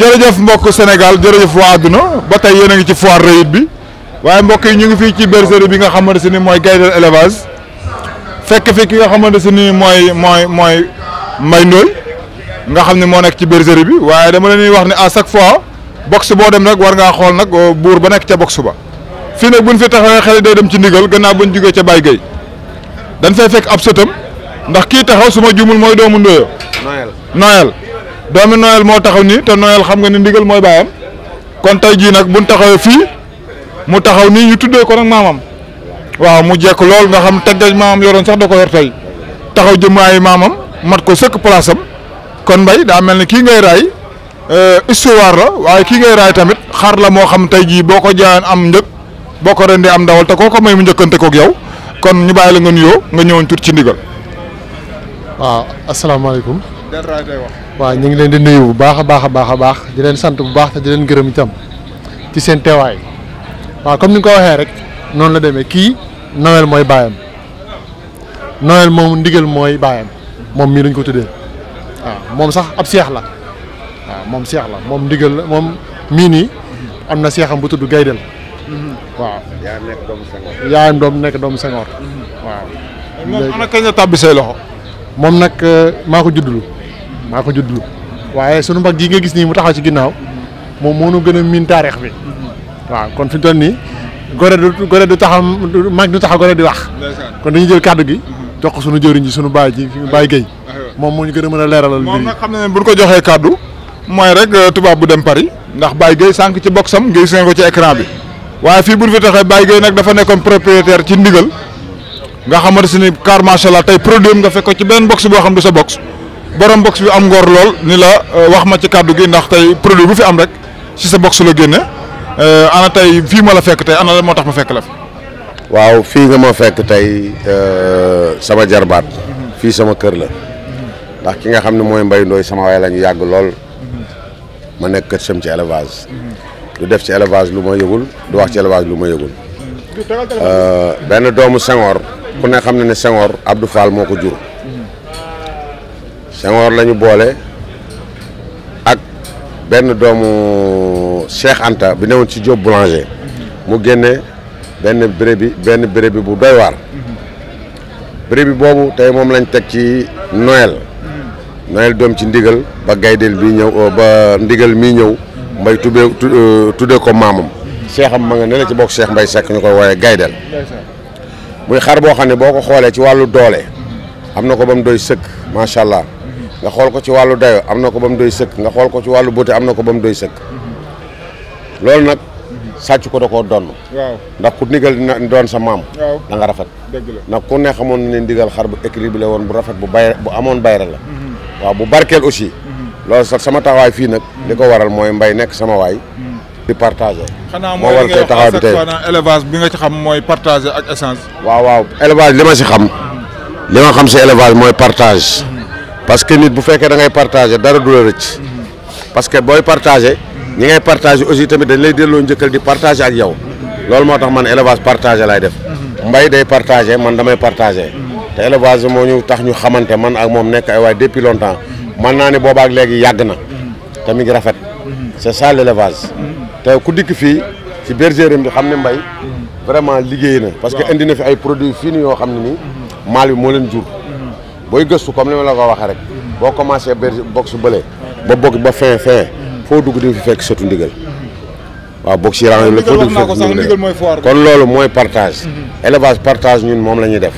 jërëjëf mbokk Sénégal jërëjëf wa aduna ba tay yéen a ngi ci foire Rayit bi waaye mbokk yi ñu ngi fii ci bergerie bi nga xamante si ni mooy Gaydel élevage fekk fi ki nga xamante si ni mooy mooy mooy Mbaye Ndoye nga xam ne moo nekk ci bergerie bi waaye dama leen wax ni à chaque fois box boo dem rek war ngaa xool nag oh, buur ba nekk ca box ba fii nag buñ fi taxawee xel day dem ci ndigal gannaaw buñ jugee ca Baye gay dañ fay fekk ab sëtam ndax kii taxaw suma jumul juumul mooy doomu Ndoye noyel Noël doomi Noël mo taxaw ni te Noël xam nga ni ndigal moy bayam kon tay ji nak buñ taxaw fi mu taxaw ni ñu tuddé ko nak mamam waaw mu jekk lool nga xam tëggeej mamam yoron sax dako yor tay taxaw jëmaayi mamam mat ko sekk place am kon bay da melni ki ngay ray euh histoire la waye ki ngay ray tamit xar la mo xam tay ji boko jaan am njëg boko rendi am dawal te koko may mu ko ak yow kon ñu bàyyi la nga nuyoo nga ñëwoon tur ci ndigal waaw wax Wah, ñu ngi leen di nuyu bu baax a baax a baax a baax di leen sant bu baax te di leen gërëm itam ci seen teewaay waaw comme ni nga ko waxee rek noonu la demee kii Noël mooy baayam Noël moom ndigal mooy baayam moom mii lañ ko tuddee waaw moom sax ab seex la waaw moom seex la moom ndigal la moom mii nii am na seexam bu tudd gaydel waaw yaa nekk doomu sengoor yaa doom nekk doomu sengoor mhm. waaw moom ana kañ la tàbbi say loxo moom nag maa ko mako jodlu waye sunu mbag gi nga gis ni mu taxaw ci ginnaw moom mo nu gëna min miin bi waaw kon fi tonni gore du gore du taxam mag du taxaw gore di wax kon dañu jël kàddu gi mhm. jox ko sunu jëriñ ji sunu baay ji baay geey mom mo ñu gëna mëna mën a leeralal mbir yi ko joxé kàddu moy rek euh, tuba bu dem Paris ndax baay geey sank ci boxam geey sen ko ci écran bi waye fi buñ fi taxé baay geey nak dafa nekkon propriétaire ci ndigal nga xamante car tay produit nga fekk ko ci ben box bo xam du sa box borom box bi am ngor lol ni la euh, wax ma ci kàddu gi ndax tay produit bu fi am rek ci sa box la euh ana tay fi ma la fekk tay ana la ma fekk la fi. waaw fi nga ma fekk euh sama jarbat fi sama keur la ndax ki nga xamne moy mbay ndoy sama way lañu yag lol ma nek keur sam ci élevage du def ci élevage luma yegul du wax ci élevage luma yegul euh ben doomu Senghor ku ne xamne ne Abdou Fall Senghor lañu boole ak benn doomu Cheikh Anta bi neewon ci job Boulanger mu génne benn bérébi benn bérébi bu doy war bérébi bobu tay mom lañ tek ci Noël Noël dom ci ndigal ba gaydel bi ñew euh, ba ndigal mi ñew mbay tubee euh, tuddee ko mamam cheikham ma nga ne ci bok cheikh mbay sekk ñu koy gaydel muy xar bo xamné boko xolé ci walu doole amna ko bam doy allah nga xool ko ci wàllu dayo am na ko ba mu doy sëkk nga xool ko ci wàllu beauté am na ko ba mu doy sëkk loolu nag sàcc ko da koo donn ndax ku ndigal na doon sa maam da nga rafet ndax ku ne xamoon ne ndigal xar bu équilibré woon bu rafet bu bay bu amoon bayre la mhm. waaw bu barkeel aussi mhm. loolu sax sama taxawaay fii nag li ko waral mooy mbay nekk sama waay mhm. di partagé moo war koy taxaw bi élevage bi nga ci xam mooy partagé ak essence waaw waaw élevage li ma si xam li ma xam si élevage mooy partage parce que nit bu fekkee dangay ngay partagé dara du la rëcc parce que booy partagé ñi ngay partagé aussi tamit dañ lay delloo njëkkal di partagé ak yow loolu moo tax man élevage partagé lay def mbay dey partagé man damay partagé te élevage moo ñu tax ñu xamante man ak moom nekk ay waay depuis longtemps man naa ne boobaak léegi yàgg na te mi ngi rafet c'est ça l'élevage te ku dikk fii ci bergerie bi xam ne mbay vraiment liggéey na parce que indi na fi ay produits fii yoo xam ne nii maal moo leen jur booy gëstu comme ni ma la ko waxee rek boo commencé ba box bële ba box ba fin fin foo dugg di nga fi fekk sëtu ndigal waaw box yi rang la foo dugg fekk ndigal kon loolu mooy partage élevage partage ñun moom la ñuy def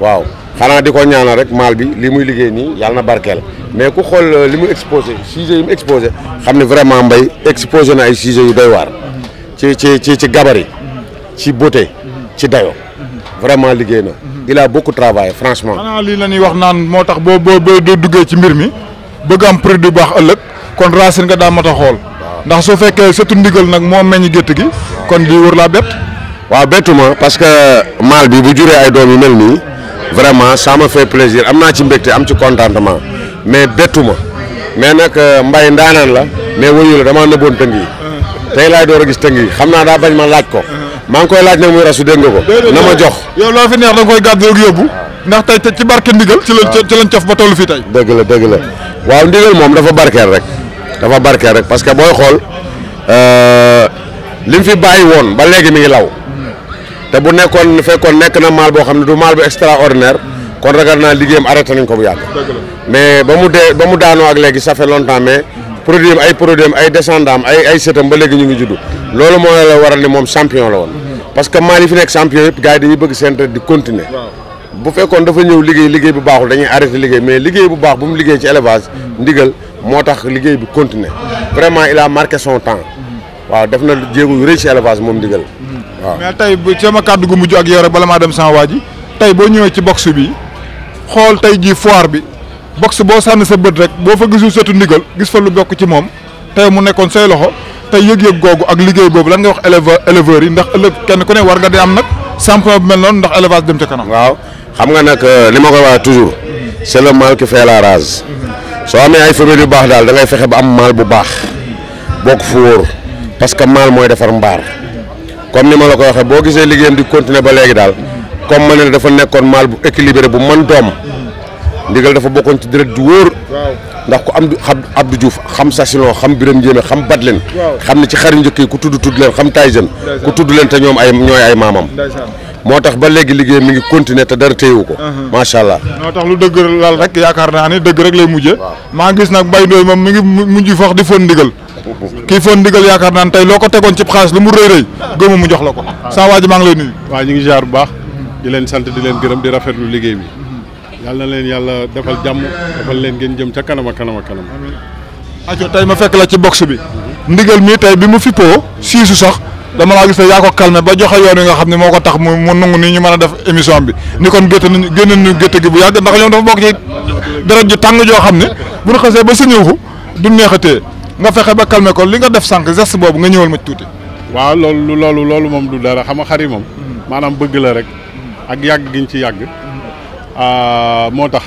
waaw xanaa di ko ñaanal rek maal bi li muy liggéey nii yàlla na barkeel mais ku xool li mu exposé sujet yi mu exposé xam ne vraiment mbay exposé na ay sujet yu doy waar ci ci ci ci gabarit ci beauté ci dayo vraiment liggéey na. Mhm. il bokk beaucoup travaillé franchement. lii la ñuy wax naan moo tax boo boo boo duggee ci mbir mi bëgg am produit bu baax ëllëg kon racine nga daa mat a xool. ndax su fekkee sa tundigal nag moo meññ gétt gi. kon di wër laa bett. waaw bettuma parce que maal bi bu juree ay doom yu mel nii vraiment ça me fait plaisir am naa ci mbégte am ci contentement mais bettuma mais nag euh, mbay ndaanaan la mais wëyu la damaa nëbboon tëng yi euh. tey laay door a gis tëng yi xam naa daa bañ ma laaj ko. Euh. maa ngi koy laaj nag muy rasu dégg nga ko na ma jox yow loo fi neex da koy gàddu ak yóbbu ah. ndax tey ci barke ndigal ci lañ ah. cof ba toll fii tay dëgg la dëgg la waaw ndigal moom dafa barkeel rek dafa barkeel rek parce que booy xool euh, li mu fi bàyyi woon ba léegi mi ngi law hmm. te bu nekkoon fekkoon nekk na maal boo xam ne du maal bu extraordinaire hmm. kon ragal naa liggéeyam arrêté nañ ko bu yàgg mais ba mu dee ba mu daanoo ak léegi ça fait longtemps mais hmm. produit ay produit ay descendant am ay ay sëtam ba léegi ñu ngi juddu loolu moo la waral ne moom champion la woon parce que Mali fi nekk champion yëpp gars yi dañuy bëgg seen di continuer bu fekkoon dafa ñëw liggéey liggéey bu baaxul dañuy arrêté liggéey mais liggéey bu baax bu mu liggéey ci élevage ndigal moo tax liggéey bi continuer vraiment il a marqué son temps waaw def na jéego yu rëy ci élevage moom ndigal waaw mais tey sama kàddu gu mujj ak yow rek bala maa dem san waa ji tey boo ñëwee ci box bi xool tey jii foire bi box boo sànni sa bët rek boo fa gisul sëtu ndigal gis fa lu bokk ci moom tey mu nekkoon say loxo tey yëg-yëg googu ak liggéey boobu lan nga wax éleveur éleveurs yi ndax ëllëg kenn ku ne war nga di am nag champion bu mel noonu ndax élevage dem ca kanam. waaw xam nga nag euh, li ma koy wax toujours c'est le mâle qui fait la race soo amee ay femelles yu baax daal da fexe ba am mâle bu baax bokk fu wóor parce que mâle mooy defar mbaar comme ni ma la ko waxee boo gisee liggéeyam di continuer ba léegi daal comme ma ne dafa nekkoon mâle bu équilibré bu mën doom. ndigal dafa bokon ci direct du wor ndax ko am Abdou Diouf xam Sassilon xam Birame Ndiémé xam Badlen xam ni ci xari njëkk ku tuddu tudd len xam Tyson ku tuddu len te ñom ay ñoy ay mamam motax ba legui liggéey mi ngi continuer te dara téyewu ma sha allah motax lu dëgg lal rek yaakaar na ni deug rek lay mujjé ma gis nak Mbaye Ndoye mi ngi mujj fakh di fon ndigal ki fon ndigal yaakaar na tay loko tegon ci xaalis lu mu reey reey gëmu mu jox lako ah. sa waji ma ngi lay nuyu waaw ngi jaar bu baax di len sante di len gërëm di rafetlu liggéey bi yàlla na leen yàlla defal jàmm defal leen ngeen jëm ca kanam ak kanam ak kanam. aco tey ma fekk la ci box bi. ndigal mi tey bi mu fippoo siisu sax dama laa gis ne yaa ko calmé ba joxe yoon wi nga xam ne tax mu nangu ñu def émission bi ni kon nañu gi bu yàgg ndax ñoom dafa bokk ci deret ju tàng joo xam ne bu ñu xasee ba sa ñëw du neexatee nga fexe ba calmé ko li nga def sànq geste boobu nga ñëwal ma tuuti. waaw loolu loolu loolu moom du dara xam nga xar hmm. bëgg la rek. ak giñ ci Ah, moo tax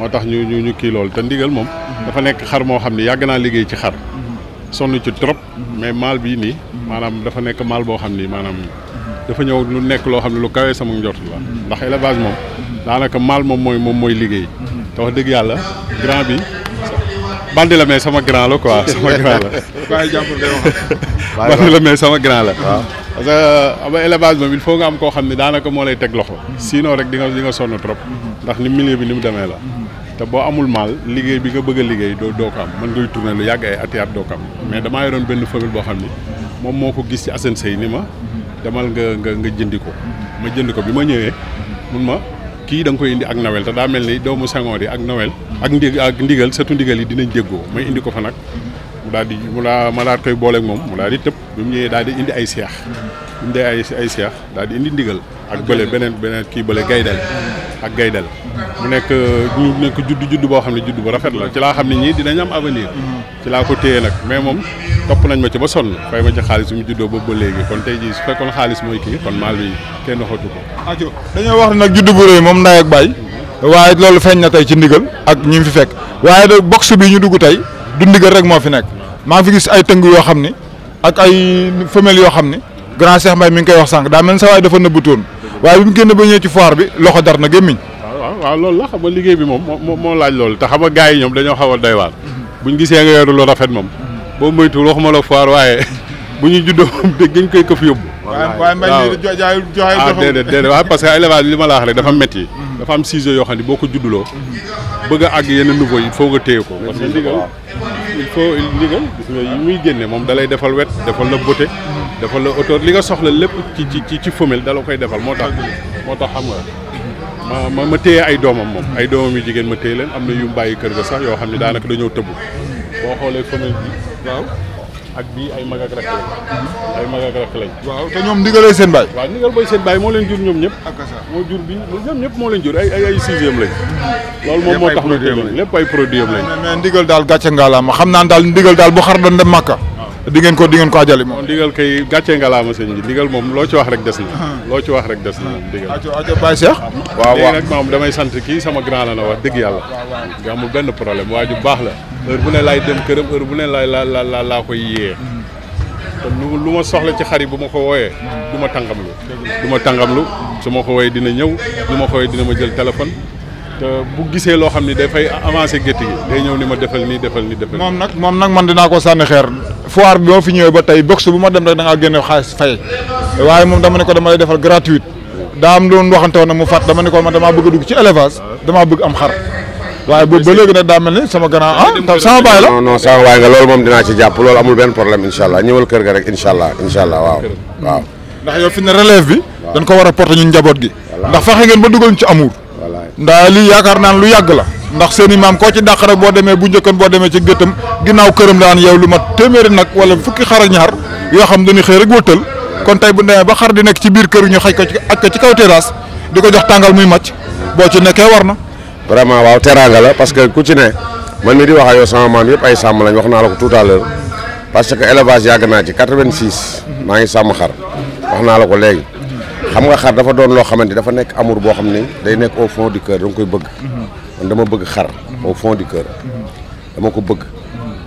moo tax ñu ñu ñu kii loolu te ndigal moom dafa nekk xar moo xam ne yàgg naa liggéey ci xar sonn ci trop mais maal bii nii maanaam dafa nekk maal boo xam ni maanaam dafa ñëw lu nekk loo xam ne lu kawee sama njort la ndax élevage moom daanaka maal moom mooy moom mooy liggéey te wax dëgg yàlla grand bi bandi la mais sama grand la quoi sama grand la bandi la mais sama grand la parce que ba élevage moom il faut nga am koo xam ne daanaka moo lay teg loxo sinon rek di nga di nga sonn trop ndax ni milieu bi ni mu demee la te boo amul maal liggéey bi nga bëgg a liggéey doo doo ko am mën ngay tourner lu yàgg ay at doo ko am mais damaa doon benn famille boo xam ni moom moo ko gis ci Assane Seye ni ma demal nga nga nga jëndi ko ma jënd ko bi ma ñëwee mun ma kii da koy indi ak nawel te daa mel ni doomu sangoor yi ak nawel a ndig ak ndigal surtout ndigal yi dinañ déggoo may indi ko fa nag mu daal di mu laa ma daal koy booleeg moom mu daal di tëb bi mu ñëwee daal di indi ay seex. indi ay ay seex daal di indi ndigal. ak bële beneen beneen kii bële gaydel ak gaydel mu nekk euh, ñu nekk judd judd boo xam ne juddu bu rafet la ci laa xam ne ñii dinañ am avenir. ci laa ko téye nag mais moom topp nañ ma ci ba sonn fay ma ci xaalis bi mu juddoo ba ba léegi kon tey jii su fekkoon xaalis mooy kii kon maal bi kenn waxatu ko. aco dañoo wax ne nag judd bu rëy moom ndaay ak baay waaye loolu feeñ na tey ci ndigal ak ñi mu fi fekk waaye box bi ñu dugg tey du ndigal rek moo fi nekk maa ngi fi gis ay tëng yoo xam ni ak ay femelle yoo xam ni grand Cheikh Mbaye mi ngi koy wax sànq daa mel ni sa waay dafa nëbbutoon waaye bi mu génn ba ñëw bi loxo dar na gémmiñ waaw waaw xam nga liggéey bi moom moo moo laaj loolu te xam nga gars yi ñoom dañoo xaw a doy waar buñ gisee nga yoru lu rafet moom boo moytuwul waxuma la waaye bu ñu juddoo moom dégg nga koy këf yóbbu waaye mbay joxe ah, déedéet déedéet waaw parce que élevage li ma la wax rek dafa métti mm-hmm. dafa am ciseaux yoo xam ne boo ko judduloo mm-hmm. bëgg a àgg yenn niveau yi il faut nga téye ko. parce que ndigal il faut ndigal gis nga yi muy génne moom dalay defal wet defal la beauté. defal la hauteur li nga soxla lépp ci ci ci femelle dala koy defal moo tax. moo tax xam na ma ma ma téye ay doomam moom ay doomam yu jigéen ma téye leen am na yu mu bàyyi kër gi sax yoo xam ne daanaka dañoo tëbb boo xoolee femelle bi waaw. ak bi ay mag ak rak hmm? ay mag ak rak lañ waaw te ñoom ndigalay seen baay waaw ndigal boy seen baay moo leen jur ñoom ñëpp moo jur bi ñoom ñëpp moo leen jur ay ay ay sixième lañ loolu moom moo tax ñu tëdd lépp ay produit lañ mais ndigal daal gàcce ngalaama xam naan daal ndigal daal bu xar doon dem màkka di ngeen ko di ngeen ko ajali moom ndigal kay gàcce ngalaama sëñ bi ndigal moom loo ci wax rek des na hmm. loo ci wax rek des na ndigal ajo ajo Baye Cheikh waaw waaw nag maam damay sant kii sama grand la na wax dëgg yàlla nga amul benn problème waa ju la heure bu ne laay dem këram heure bu ne laay laa la la laa koy yee lu ma soxla ci xarit bu ma ko wooyee du ma tàngamlu du ma tàngamlu su ma ko wooyee dina ñëw lu ma ko wooyee dina ma jël téléphone te bu gisee loo xam ni dafay avancé gétt gi day ñëw ni ma defal nii defal nii defal moom nag moom nag man dinaa ko sànni xeer foire bi ma fi ñëwee ba tey box bu ma dem rek da ngaa génne xaalis fay waaye moom dama ne ko dama defal gratuite daa am loolu waxante woon na mu fàtt dama ne ko man damaa bëgg dugg ci élevage damaa bëgg am waaye bu ba léegi nag ni sama grand ah sama baay la non non sama baay nga loolu moom dinaa ci jàpp loolu amul ben problème incha allah ñëwal kër ga rek incha allah incha allah waaw waaw ndax yow fi ne relève bi dañ ko war a porter ñun njaboot gi ndax fexe ngeen ba dugal ci amour ndax lii yaakaar naan lu yàgg la ndax seen i maam ci dàq rek boo demee bu njëkkoon boo demee ci gëttam ginnaaw këram daan yow lu mat téeméeri nak wala fukki xar ak ñaar yoo xam dañuy xëy rek wëttal kon tey bu demee ba xar di nekk ci biir kër ñu xaj ko ci aj ko ci kaw terrasse di jox tàngal muy màcc boo ci nekkee war vraiment waaw teranga la parce que ku ci ne man mi di wax ayo sama maam yep ay sam lañ wax na la ko tout à l'heure parce que élevage yag na ci 86 ma ngi sam xar wax na la ko légui xam nga xar dafa doon lo xamanteni dafa nek amour bo xamni day nek au fond du cœur dang koy bëgg man dama bëgg xar au fond du cœur dama ko bëgg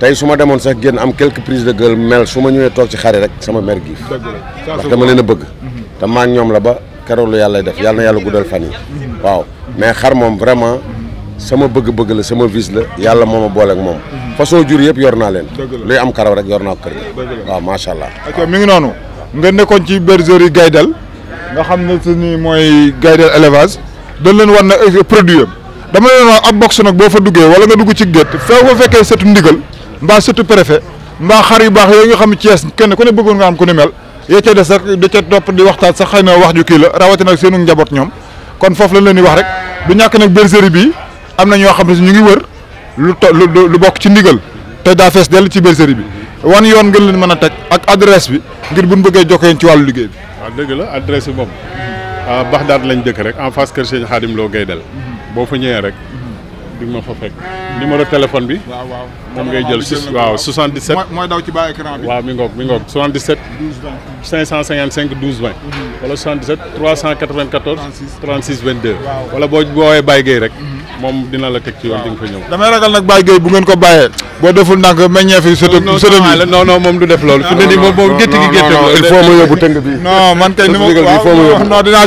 tay suma demone sax genn am quelques prises de gueule mel suma ñëwé tok ci xari rek sama mère giif dama leena bëgg ta ma ñom la ba keroog lu yàlla def yàlla yàlla guddal fan yi waaw mais xar moom vraiment sama bëgg-bëgg la sama vis la yàlla moo ma booleeg moom façon jur yëpp yor naa leen luy am karaw rek yor naa ko kër gi waaw macha allah ok mi nekkoon ci bergerie Gaydel nga xam ne te ni mooy Gaydel élevage dañ leen war na produit am dama leen wax ab nag boo fa duggee wala nga dugg ci gétt foo ko fekkee sëtu ndigal mbaa sëtu préfet mbaa xar yu baax yooyu nga xam ne kenn ku ne bëggoon nga am ku ne mel yee ca des sax da ca topp di waxtaan sax xëy na wax ju kii la rawatina ak seenu njaboot ñoom kon foofu lañ leen di wax rek du ñàkk nag bergerie bi am na ñoo xam ne ñu ngi wër lu to lu lu bokk ci ndigal te daa fees dell ci bergerie bi wan yoon ngeen leen mën a teg ak adresse bi ngir bu mu bëggee jokkoo yéen ci wàllu liggéey bi. waaw dëgg la adresse bi moom ah, Baxdaad lañ dëkk rek en face kër Sëñ Xaadim gay del mhm. boo fa ñëwee rek. di ma fa fekk. numéro téléphone bi. moom ngay jël waaw 77. mooy mooy waaw mi ngoog mi ngoog 77. 12 20 555 12 20. wala 77 394. 36 22. waaw wala boo woowee Baye Gueye rek. Mhm. moom dina la teg ci yoon di fa ñëw. damay ragal nag Baye Gueye bu ngeen ko bàyyee. boo deful ndànk meññee fi. sëtëm sëtëm yi non non moom du def loolu. fu ne nii moom moom gétt gi gétt il yóbbu tëng bi. non man kay ni ma waaw non dinaa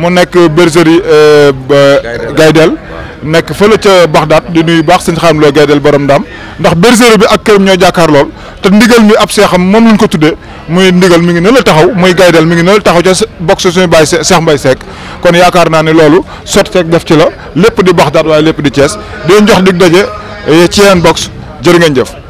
mu nekk bergerie euh, Gaydel nekk fële ca Baxdaat di nuyu baax sëñ xam loo Gaydel borom ndam ndax bergerie bi ak këram ñoo jàkkaar lool te ndigal mi ab seexam moom lañ ko tuddee muy ndigal mi ngi ne la taxaw muy Gaydel mi ngi ne la taxaw ca bokk suñu baay Seex Mbay Seck kon yaakaar naa ne loolu sotteeg def ci la lépp di Baxdaat waaye lépp di cees di jox dig daje eh, ci yeneen box jërë ngeen jëf